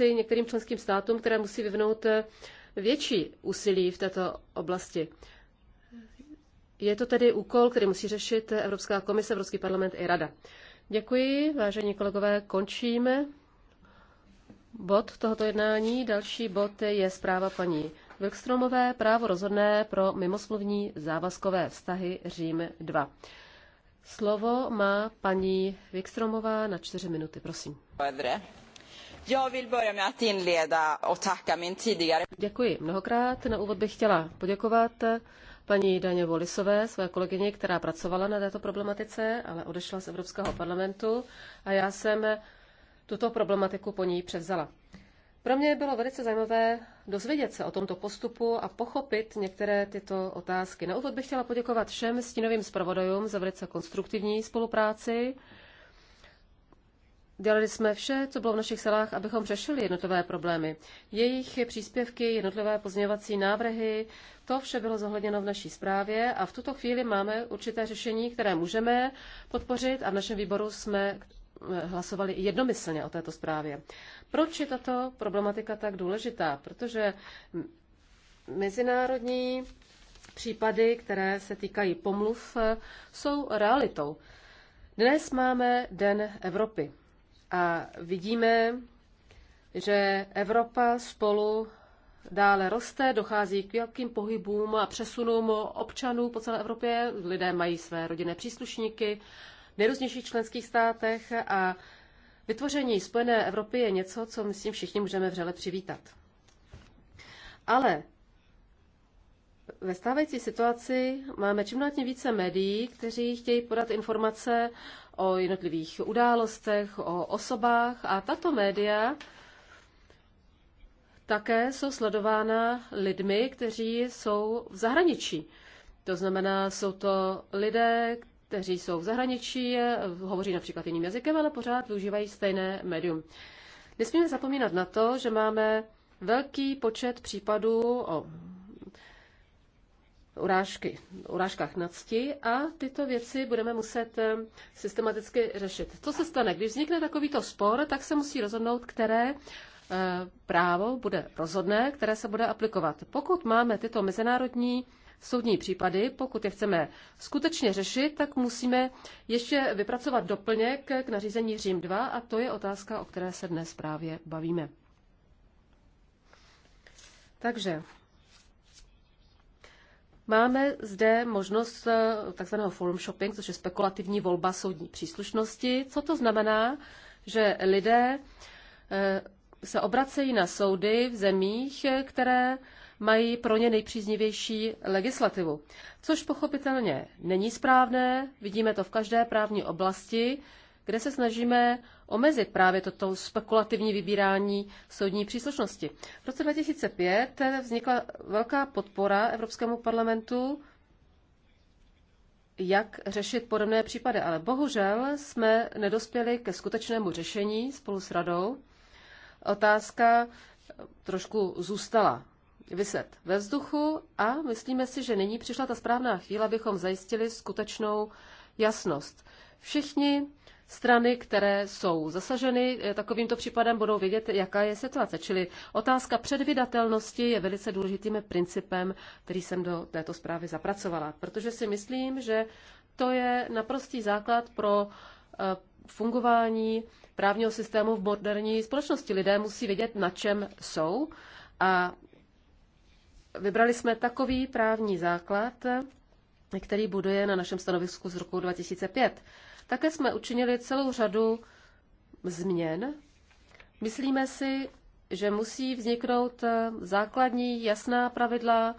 reakci některým členským státům, které musí vyvnout eh, větší úsilí v této oblasti. Je to tedy úkol, který musí řešit eh, Evropská komise, Evropský parlament i Rada. Děkuji, vážení kolegové, končíme bod tohoto jednání. Další bod je zpráva paní Wilkstromové, právo rozhodné pro mimoslovní závazkové vztahy Řím 2. Slovo má paní Wikstromová na čtyři minuty, prosím. Děkuji mnohokrát. Na úvod bych chtěla poděkovat paní Daně Volisové, své kolegyně, která pracovala na této problematice, ale odešla z Evropského parlamentu a já jsem tuto problematiku po ní převzala. Pro mě bylo velice zajímavé dozvědět se o tomto postupu a pochopit některé tyto otázky. Na úvod bych chtěla poděkovat všem stínovým zpravodajům za velice konstruktivní spolupráci Dělali jsme vše, co bylo v našich silách, abychom řešili jednotlivé problémy. Jejich příspěvky, jednotlivé pozměňovací návrhy, to vše bylo zohledněno v naší zprávě a v tuto chvíli máme určité řešení, které můžeme podpořit a v našem výboru jsme eh, hlasovali jednomyslně o této zprávě. Proč je tato problematika tak důležitá? Protože mezinárodní případy, které se týkají pomluv, eh, jsou realitou. Dnes máme Den Evropy. A vidíme, že Evropa spolu dále roste, dochází k velkým pohybům a přesunům občanů po celé Evropě. Lidé mají své rodinné příslušníky v nejrůznějších členských státech a vytvoření Spojené Evropy je něco, co myslím všichni můžeme vřele přivítat. Ale ve stávající situaci máme čím dál tím více médií, kteří chtějí podat informace o jednotlivých událostech, o osobách a tato média také jsou sledována lidmi, kteří jsou v zahraničí. To znamená, jsou to lidé, kteří jsou v zahraničí, hovoří například jiným jazykem, ale pořád využívají stejné médium. Nesmíme zapomínat na to, že máme velký počet případů o urážky, urážkách na cti a tyto věci budeme muset eh, systematicky řešit. Co se stane? Když vznikne takovýto spor, tak se musí rozhodnout, které eh, právo bude rozhodné, které se bude aplikovat. Pokud máme tyto mezinárodní soudní případy, pokud je chceme skutečně řešit, tak musíme ještě vypracovat doplněk k nařízení Řím 2 a to je otázka, o které se dnes právě bavíme. Takže Máme zde možnost eh, takzvaného forum shopping, což je spekulativní volba soudní příslušnosti. Co to znamená, že lidé eh, se obracejí na soudy v zemích, eh, které mají pro ně nejpříznivější legislativu. Což pochopitelně není správné, vidíme to v každé právní oblasti, kde se snažíme omezit právě toto spekulativní vybírání soudní příslušnosti. V roce 2005 vznikla velká podpora Evropskému parlamentu, jak řešit podobné případy, ale bohužel jsme nedospěli ke skutečnému řešení spolu s radou. Otázka trošku zůstala vyset ve vzduchu a myslíme si, že nyní přišla ta správná chvíle, abychom zajistili skutečnou jasnost. Všichni strany, které jsou zasaženy eh, takovýmto případem, budou vědět, jaká je situace. Čili otázka předvydatelnosti je velice důležitým principem, který jsem do této zprávy zapracovala, protože si myslím, že to je naprostý základ pro eh, fungování právního systému v moderní společnosti. Lidé musí vědět, na čem jsou a vybrali jsme takový právní základ, který buduje na našem stanovisku z roku 2005. Také jsme učinili celou řadu změn. Myslíme si, že musí vzniknout eh, základní jasná pravidla,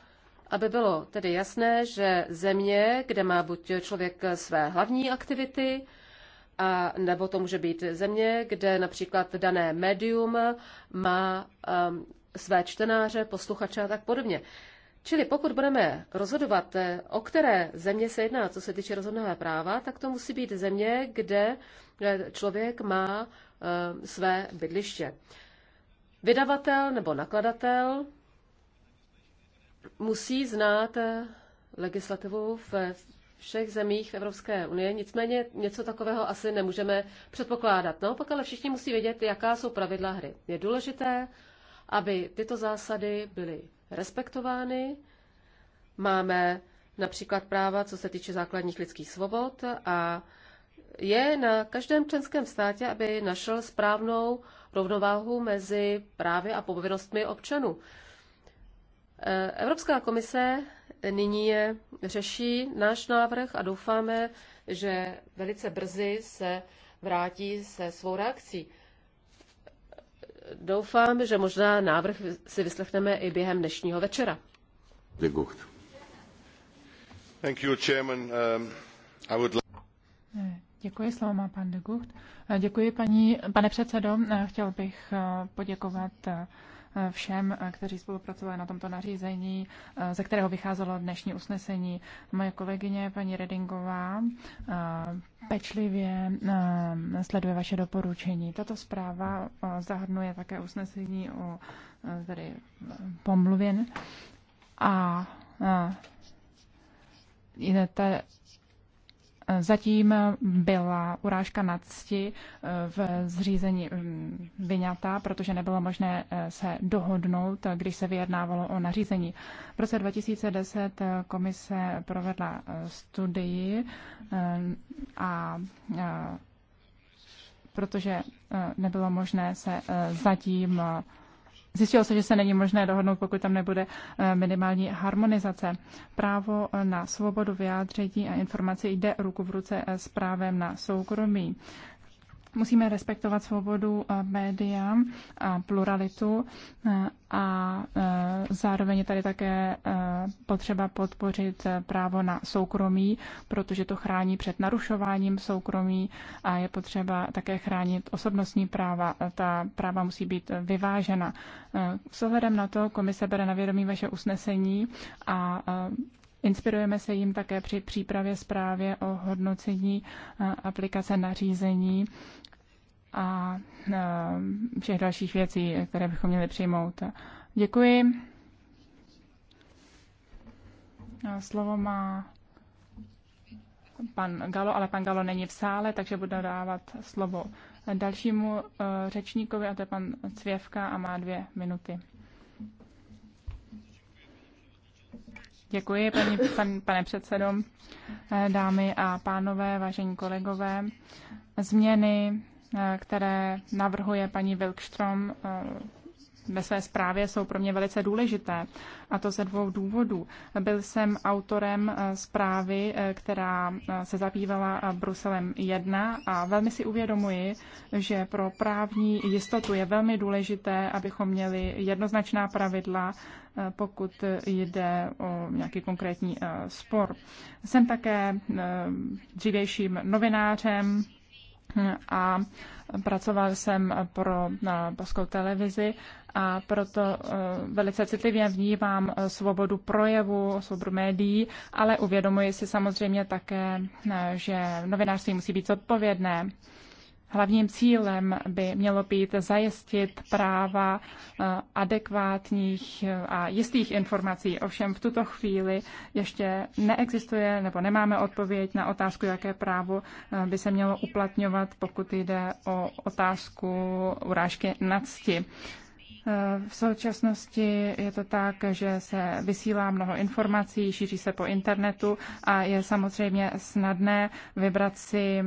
aby bylo tedy jasné, že země, kde má buď člověk své hlavní aktivity, a nebo to může být země, kde například dané médium má um, své čtenáře, posluchače a tak podobně. Čili pokud budeme rozhodovat, eh, o které země se jedná, co se týče rozhodného práva, tak to musí být země, kde eh, člověk má eh, své bydliště. Vydavatel nebo nakladatel musí znát legislativu v všech zemích Evropské unie, nicméně něco takového asi nemůžeme předpokládat. No, pak ale všichni musí vědět, jaká jsou pravidla hry. Je důležité, aby tyto zásady byly respektovány. Máme například práva, co se týče základních lidských svobod a je na každém členském státě, aby našel správnou rovnováhu mezi právy a povinnostmi občanů. E, Evropská komise nyní je, řeší náš návrh a doufáme, že velice brzy se vrátí se svou reakcí doufám, že možná návrh si vyslechneme i během dnešního večera. Um, eh, děkuji, slovo má pan de Gucht. Eh, děkuji, paní, pane předsedo. Eh, chtěl bych poděkovat všem, kteří spolupracovali na tomto nařízení, ze kterého vycházelo dnešní usnesení. Moje kolegyně, paní Redingová, eh, pečlivě eh, sleduje vaše doporučení. Tato zpráva eh, zahrnuje také usnesení o tedy pomluvě a ta, Zatím byla urážka na cti eh, v zřízení mm, vyňata, protože nebylo možné eh, se dohodnout, když se vyjednávalo o nařízení. V roce 2010 eh, komise provedla studii a protože nebylo možné se zatím Zjistilo se, že se není možné dohodnout, pokud tam nebude eh, minimální harmonizace. Právo eh, na svobodu vyjádření a informaci jde ruku v ruce eh, s právem na soukromí musíme respektovat svobodu eh, média a pluralitu eh, a eh, zároveň je tady také potřeba podpořit právo na soukromí, protože to chrání před narušováním soukromí a je potřeba také chránit osobnostní práva. Ta práva musí být vyvážena. S ohledem na to komise bere na vědomí vaše usnesení a Inspirujeme se jim také při přípravě zprávě o hodnocení aplikace nařízení a všech dalších věcí, které bychom měli přijmout. Děkuji. Slovo má pan Galo, ale pan Galo není v sále, takže budu dávat slovo dalšímu e, řečníkovi, a to je pan Cvěvka a má dvě minuty. Děkuji, paní, pan, pane předsedo, eh, dámy a pánové, vážení kolegové. Změny, eh, které navrhuje paní Wilkström, eh, ve své zprávě jsou pro mě velice důležité, a to ze dvou důvodů. Byl jsem autorem eh, zprávy, eh, která eh, se zabývala Bruselem 1 a velmi si uvědomuji, že pro právní jistotu je velmi důležité, abychom měli jednoznačná pravidla, pokud jde o nějaký konkrétní spor. Jsem také dřívějším novinářem, a pracoval jsem pro polskou televizi a proto eh, velice citlivě vnímám eh, svobodu projevu, svobodu médií, ale uvědomuji si samozřejmě také, eh, že novinářství musí být zodpovědné. Hlavním cílem by mělo být zajistit práva eh, adekvátních eh, a jistých informací. Ovšem v tuto chvíli ještě neexistuje nebo nemáme odpověď na otázku, jaké právo eh, by se mělo uplatňovat, pokud jde o otázku urážky nadsti. V současnosti je to tak, že se vysílá mnoho informací, šíří se po internetu a je samozřejmě snadné vybrat si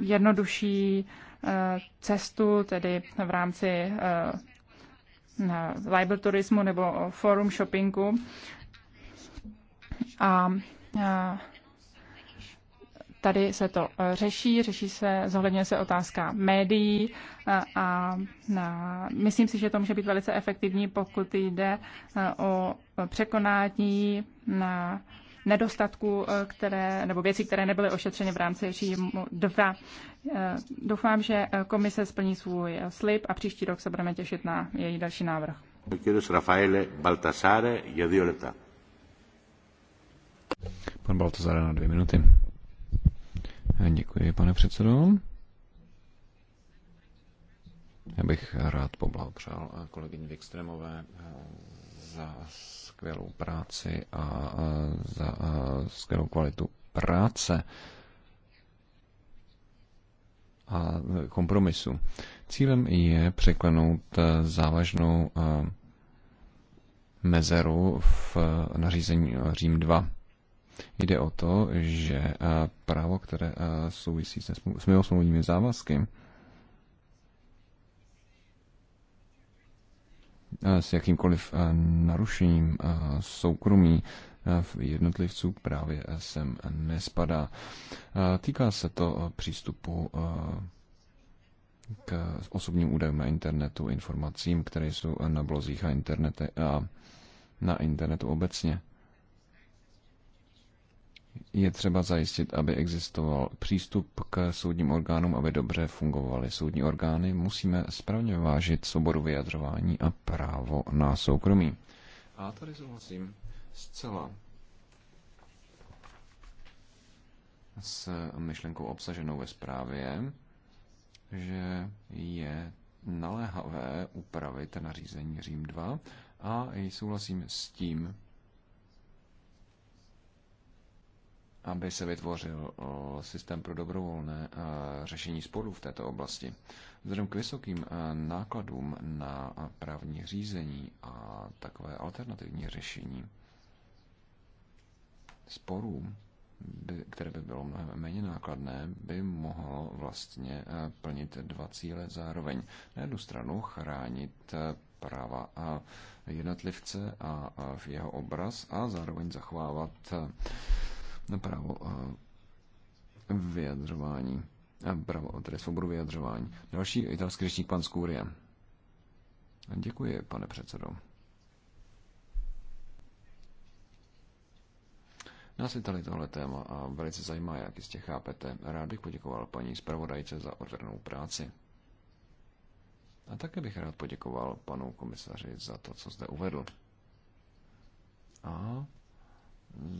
jednodušší eh, cestu, tedy v rámci eh, live turismu nebo forum shoppingu. A eh, tady se to řeší, řeší se, zohledňuje se otázka médií a, a myslím si, že to může být velice efektivní, pokud jde o překonání na nedostatků, eh, které, nebo věcí, které nebyly ošetřeny v rámci říjmu 2. Eh, doufám, že eh, komise splní svůj slib a příští rok se budeme těšit na její další návrh. Rafaele Baltasare, Pan Baltasare na dvě minuty. Děkuji, pane předsedo. Já bych rád poblahopřál kolegyni Vikstremové za skvělou práci a za skvělou kvalitu práce a kompromisu. Cílem je překlenout e, závažnou e, mezeru v e, nařízení Řím 2. Jde o to, že právo, které souvisí se smlouvními závazky, Eh, s jakýmkoliv eh, narušením eh, soukromí v jednotlivců právě sem nespadá. Týká se to přístupu k osobním údajům na internetu, informacím, které jsou na blozích a, internete, a na internetu obecně je třeba zajistit, aby existoval přístup k soudním orgánům, aby dobře fungovaly soudní orgány. Musíme správně vážit svobodu vyjadřování a právo na soukromí. A tady souhlasím zcela s myšlenkou obsaženou ve zprávě, že je naléhavé upravit nařízení Řím 2 a souhlasím s tím, aby se vytvořil systém pro dobrovolné řešení sporů v této oblasti. Vzhledem k vysokým nákladům na právní řízení a takové alternativní řešení sporů, které by bylo mnohem méně nákladné, by mohlo vlastně plnit dva cíle zároveň. Na jednu stranu chránit práva a jednotlivce a v jeho obraz a zároveň zachovávat právo eh, vyjadřování, eh, právo, tedy svobodu vyjadřování. Další italský řečník, pan Skůrie. Děkuji, pane předsedo. Nás je tady tohle téma a velice zajímá, jak jistě chápete. Rád bych poděkoval paní zpravodajce za odvednou práci. A také bych rád poděkoval panu komisaři za to, co zde uvedl. A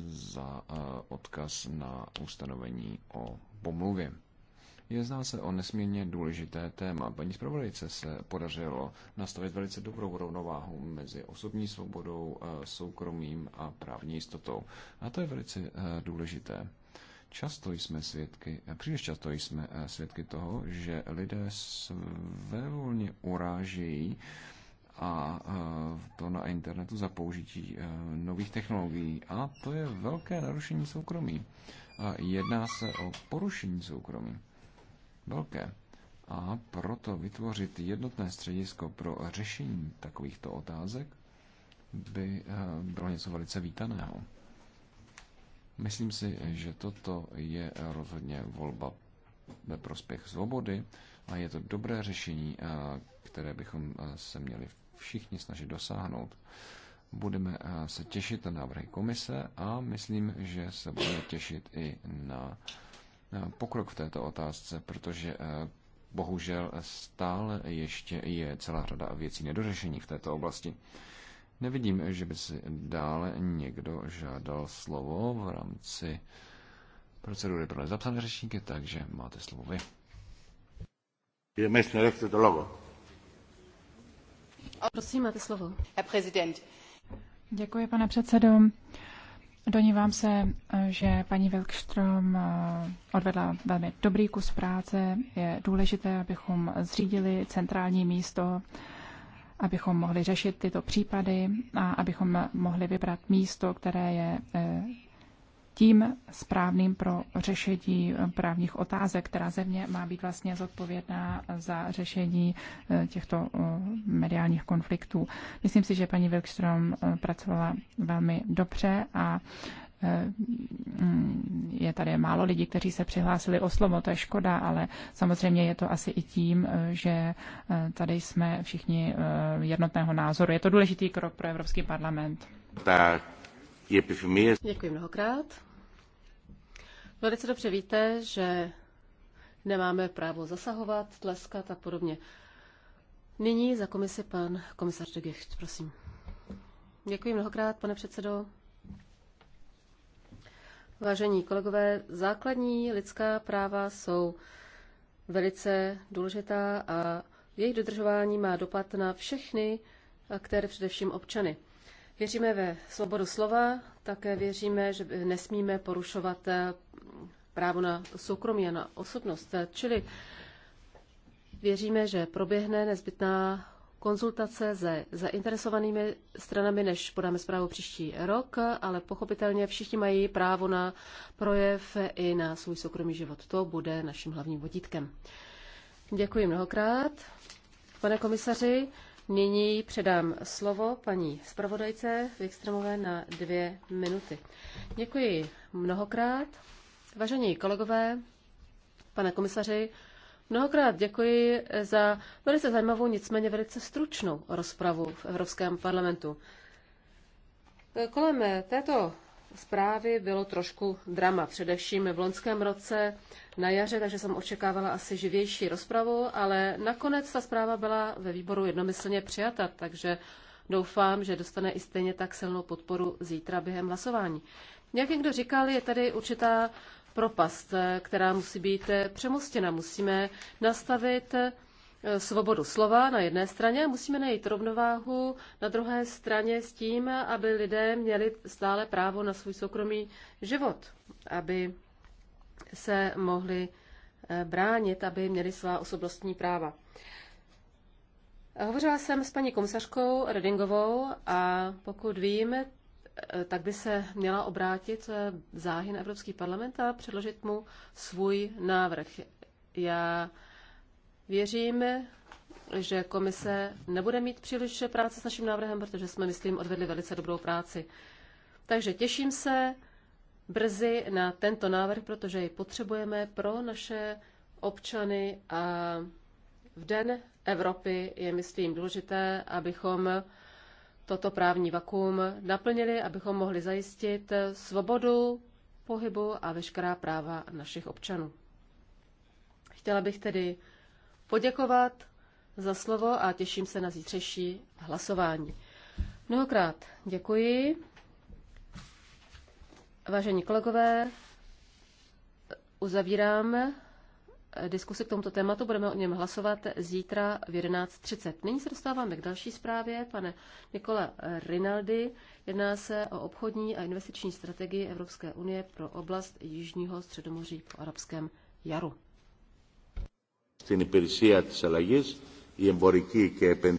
za eh, odkaz na ustanovení o pomluvě. zná se o nesmírně důležité téma. Paní zpravodajce se podařilo nastavit velice dobrou rovnováhu mezi osobní svobodou, eh, soukromím a právní jistotou. A to je velice eh, důležité. Často jsme svědky, příliš často jsme svědky toho, že lidé svévolně urážejí a to na internetu za použití e, nových technologií. A to je velké narušení soukromí. Jedná se o porušení soukromí. Velké. A proto vytvořit jednotné středisko pro řešení takovýchto otázek by e, bylo něco velice vítaného. Myslím si, že toto je rozhodně volba ve prospěch svobody a je to dobré řešení, e, které bychom se měli v všichni snažit dosáhnout. Budeme eh, se těšit na návrhy komise a myslím, že se budeme těšit i na pokrok v této otázce, protože eh, bohužel stále ještě je celá řada věcí nedořešení v této oblasti. Nevidím, že by si dále někdo žádal slovo v rámci procedury pro nezapsané řečníky, takže máte slovo vy. Je to logo pane předsedající domnívám se, že paní Wilkström eh, odvedla velmi dobrý kus práce. Je důležité, abychom zřídili centrální místo, abychom mohli řešit tyto případy a abychom mohli vybrat místo, které je eh, tím správným pro řešení právních otázek, která země má být vlastně zodpovědná za řešení eh, těchto eh, mediálních konfliktů. Myslím si, že paní Wilkström eh, pracovala velmi dobře a mm, je tady málo lidí, kteří se přihlásili o slovo, to je škoda, ale samozřejmě je to asi i tím, že tady jsme všichni jednotného názoru. Je to důležitý krok pro Evropský parlament. Tak je Děkuji mnohokrát. Velice dobře víte, že nemáme právo zasahovat, tleskat a podobně. Nyní za komisi pan komisař de Gicht, prosím. Děkuji mnohokrát, pane předsedo. Vážení kolegové, základní lidská práva jsou velice důležitá a jejich dodržování má dopad na všechny které především občany. Věříme ve svobodu slova, také věříme, že nesmíme porušovat eh, právo na soukromí a na osobnost. Čili věříme, že proběhne nezbytná konzultace se zainteresovanými stranami, než podáme zprávu příští rok, ale pochopitelně všichni mají právo na projev i na svůj soukromý život. To bude naším hlavním vodítkem. Děkuji mnohokrát. Pane komisaři, Nyní předám slovo paní zpravodajce Vikstromové na dvě minuty. Děkuji mnohokrát. Vážení kolegové, pane komisaři, mnohokrát děkuji za velice zajímavou, nicméně velice stručnou rozpravu v Evropském parlamentu. Kolem této zprávy bylo trošku drama, především v loňském roce na jaře, takže jsem očekávala asi živější rozpravu, ale nakonec ta zpráva byla ve výboru jednomyslně přijata, takže doufám, že dostane i stejně tak silnou podporu zítra během hlasování. Jak někdo říkal, je tady určitá propast, která musí být přemostěna. Musíme nastavit svobodu slova na jedné straně a musíme najít rovnováhu na druhé straně s tím, aby lidé měli stále právo na svůj soukromý život, aby se mohli eh, bránit, aby měli svá osobnostní práva. Hovořila jsem s paní komisařkou Redingovou a pokud vím, eh, tak by se měla obrátit eh, záhy na Evropský parlament a předložit mu svůj návrh. Já Věříme, že komise nebude mít příliš práce s naším návrhem, protože jsme, myslím, odvedli velice dobrou práci. Takže těším se brzy na tento návrh, protože ji potřebujeme pro naše občany a v Den Evropy je, myslím, důležité, abychom toto právní vakuum naplnili, abychom mohli zajistit svobodu pohybu a veškerá práva našich občanů. Chtěla bych tedy poděkovat za slovo a těším se na zítřejší hlasování. Mnohokrát děkuji. Vážení kolegové, uzavírám diskusi k tomuto tématu. Budeme o něm hlasovat zítra v 11.30. Nyní se dostáváme k další zprávě. Pane Nikola Rinaldi, jedná se o obchodní a investiční strategii Evropské unie pro oblast Jižního středomoří po arabském jaru στην υπηρεσία της αλλαγής η εμπορική και επενδυτική